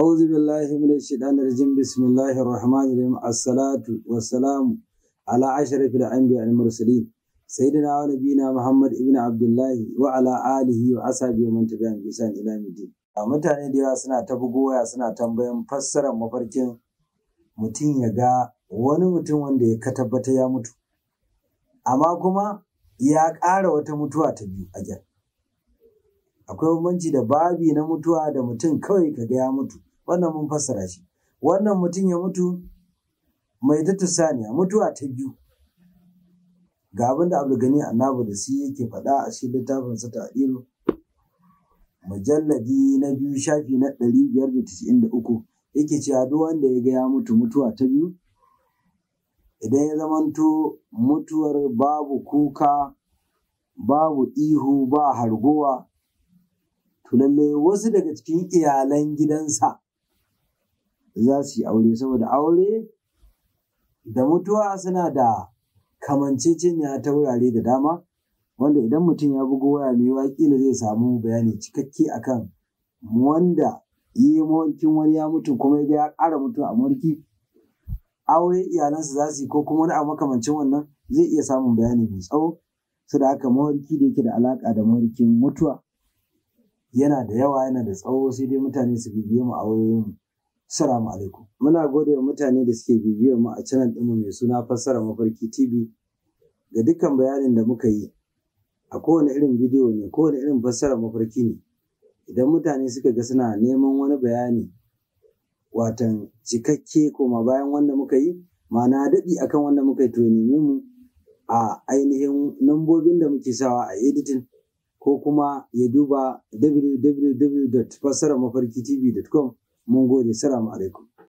أعوذ بالله من الشيطان الرجيم بسم الله الرحمن الرحيم الصلاة والسلام على أشرف الأنبياء المرسلين سيدنا ونبينا محمد ابن عبد الله وعلى آله وأصحابه ومن تبعهم بإحسان إلى يوم الدين mutane da yawa suna ta bugowa suna tambayan fassarar mafarkin mutum ya ga wani mutum wanda ya ka tabbata ya mutu amma kuma ya ƙara wata mutuwa ta biyu a gyara akwai bambanci da babi na mutuwa da mutum kawai ka ga ya mutu wannan mun fassara shi wannan mutum ya mutu mai ta saniya mutuwa ta biyu ga abin da gani annabi da si yake faɗa a cikin littafin sa ta'dilu mujalladi na biyu shafi na ɗari biyar da tisa'in da uku yake cewa duk wanda ya ga ya mutu mutuwa ta biyu idan ya zamanto mutuwar babu kuka babu ihu ba hargowa to lalle wasu daga cikin iyalan gidansa za su yi aure saboda aure da mutuwa suna da kamanceceniya ta wurare da dama wanda idan mutum ya bugu waya mai da zai samu bayani cikakke akan wanda yi mawarkin wani ya mutu kuma ya ya ƙara mutu a mulki aure iyalansa za su yi ko kuma wani abu makamancin wannan zai iya samun bayani mai tsawo su da haka mawarki da yake da alaƙa da mawarkin mutuwa yana da yawa yana da tsawo sai dai mutane su bibiye mu a wayoyinmu. Salamu alaikum. Muna gode wa mutane da suke bibiyar mu a channel ɗinmu mai suna fassara mafarki TV ga dukkan bayanin da muka yi a kowane irin bidiyo ne kowane irin fassara mafarki ne. Idan mutane suka ga suna neman wani bayani watan cikakke koma bayan wanda muka yi ma'ana daɗi akan wanda muka yi to neme mu a ainihin lambobin da muke sawa a editing ko kuma ya duba www.fassaramafarkitv.com mun gode salamu alaikum